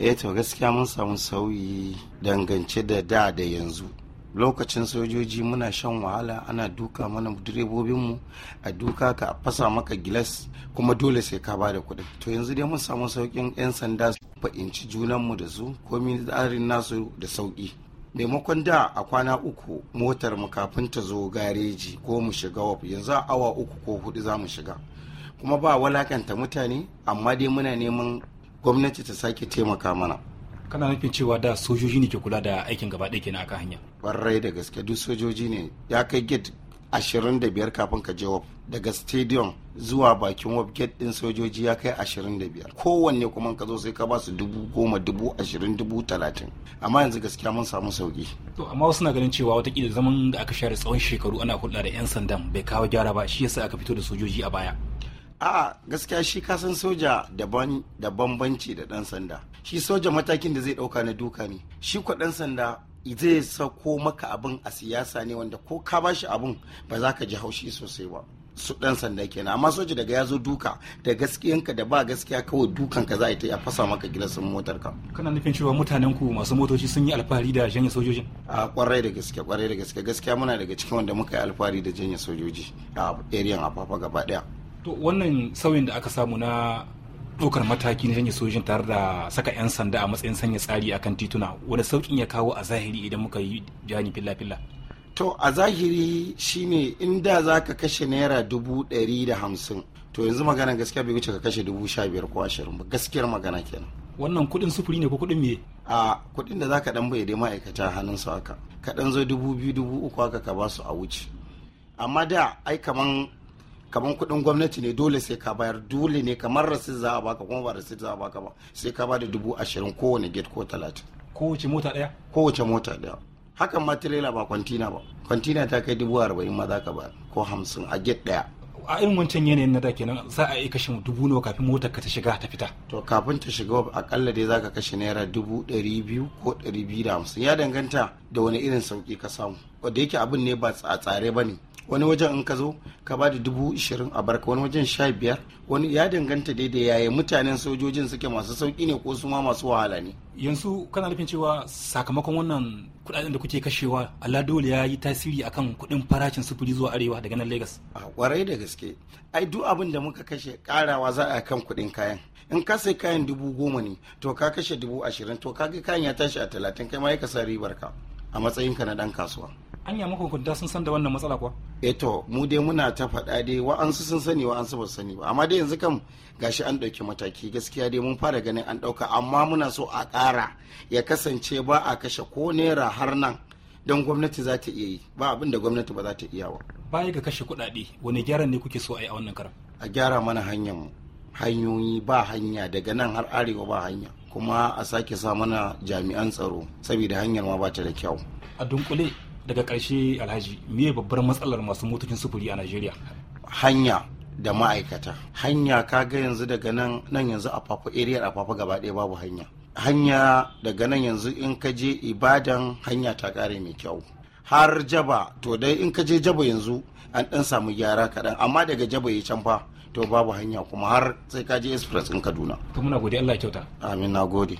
eh to gaskiya mun samu sauyi dangance da da da yanzu lokacin sojoji muna shan wahala ana duka mana direbobinmu a duka ka a fasa maka gilas kuma dole sai ka bada kuɗi to yanzu dai mun samu sauƙin 'yan sanda fa'inci junanmu da su komi tsarin nasu da sauƙi maimakon da a kwana uku motar mu kafin ta zo gareji ko mu shiga wa yanzu awa uku ko hudu za mu shiga kuma ba walakanta mutane amma dai muna neman gwamnati ta sake taimaka mana kana nufin cewa da sojoji ne ke kula da aikin gaba ɗaya kenan akan hanya barrai da gaske duk sojoji ne ya kai gate ashirin da biyar kafin ka je wab daga stadium zuwa bakin wap gate din sojoji ya kai ashirin da biyar kowanne kuma ka zo sai ka basu su dubu goma dubu ashirin dubu talatin amma yanzu gaskiya mun samu sauki to amma wasu na ganin cewa watakila zaman da aka share tsawon shekaru ana hulɗa da yan sandan bai kawo gyara ba shi yasa aka fito da sojoji a baya a'a gaskiya shi kasan soja daban da bambanci da dan sanda shi soja matakin da zai dauka na duka ne shi kwa dan sanda zai sako maka abin a siyasa ne wanda ko ka bashi abin ba za ka ji haushi sosai ba su dan sanda kenan amma soja daga ya zo duka da gaskiyanka da ba gaskiya kawai dukan ka za a yi a fasa maka gilasin motar ka kana nufin cewa mutanen ku masu motoci sun yi alfahari da janye sojojin a kwarai da gaske kwarai da gaske gaskiya muna daga cikin wanda muka yi alfahari da janye sojoji a area afafa gaba daya to wannan sauyin da aka samu na ɗaukar mataki na canje sojin tare da saka 'yan sanda a matsayin sanya tsari akan tituna wani sauƙin ya kawo a zahiri idan muka yi jani filla-filla to a zahiri shine inda za ka kashe naira dubu ɗari da hamsin to yanzu magana gaskiya bai wuce ka kashe dubu sha biyar ko ashirin ba gaskiyar magana kenan wannan kuɗin sufuri ne ko kuɗin me a kuɗin da za ka ɗan bai dai ma'aikata hannunsu haka ka dan zo dubu biyu dubu uku haka ka ba su a wuce amma da ai kaman kamar kuɗin gwamnati ne dole sai ka bayar dole ne kamar rasit za a baka kuma ba rasit za a baka ba sai ka bada dubu ashirin kowane gate ko talatin kowace mota ɗaya kowace mota ɗaya hakan ma tirela ba kwantina ba kwantina ta kai dubu arba'in ma za ka bayar ko hamsin a gate ɗaya a irin wancan yanayin na da kenan za a yi kashe dubu nawa kafin motar ka ta shiga ta fita to kafin ta shiga akalla dai ka kashe naira dubu ɗari biyu ko ɗari biyu da hamsin ya danganta da wani irin sauki ka samu wanda yake abin ne ba a tsare ba ne wani wajen in ka zo ka ba da dubu ishirin a barka wani wajen sha biyar wani ya danganta daidai da yaya mutanen sojojin suke masu sauki ne ko suma masu wahala ne yanzu kana nufin cewa sakamakon wannan kudaden da kuke kashewa allah dole ya yi tasiri akan kudin farashin sufuri zuwa arewa daga nan lagos a kwarai da gaske ai duk abin da muka kashe karawa za a kan kudin kayan in ka sai kayan dubu goma ne to ka kashe dubu ashirin to ka ga kayan ya tashi a talatin kai ma ya kasa ribar ka a matsayinka na dan kasuwa anya mahukunta sun san da wannan matsala kuwa eto eh mu dai muna ta faɗa dai wa'ansu sun sani wa'ansu ba sani ba amma dai yanzu kam gashi an ɗauki mataki gaskiya dai mun fara ganin an ɗauka amma muna so a ƙara ya kasance ba a kashe ko naira har nan don gwamnati za ta iya yi ba abin da gwamnati ba za ta iya ba. baya ga kashe kuɗaɗe wani gyaran ne kuke so a yi a wannan karan a gyara mana hanyar hanyoyi ba hanya daga nan har arewa ba hanya kuma a sake sa mana jami'an tsaro saboda hanyar ma ba ta da kyau a dunkule daga ƙarshe alhaji meye babbar matsalar masu motocin sufuri a najeriya hanya da ma'aikata hanya kaga yanzu daga nan nan yanzu a fafa area a fafa gaba ɗaya babu hanya hanya daga nan yanzu in ka je ibadan hanya ta ƙare mai kyau har jaba to dai in ka je jaba yanzu an ɗan samu gyara kaɗan amma daga jaba ya can fa to babu hanya kuma har sai ka je express in kaduna to muna gode allah kyauta amin na gode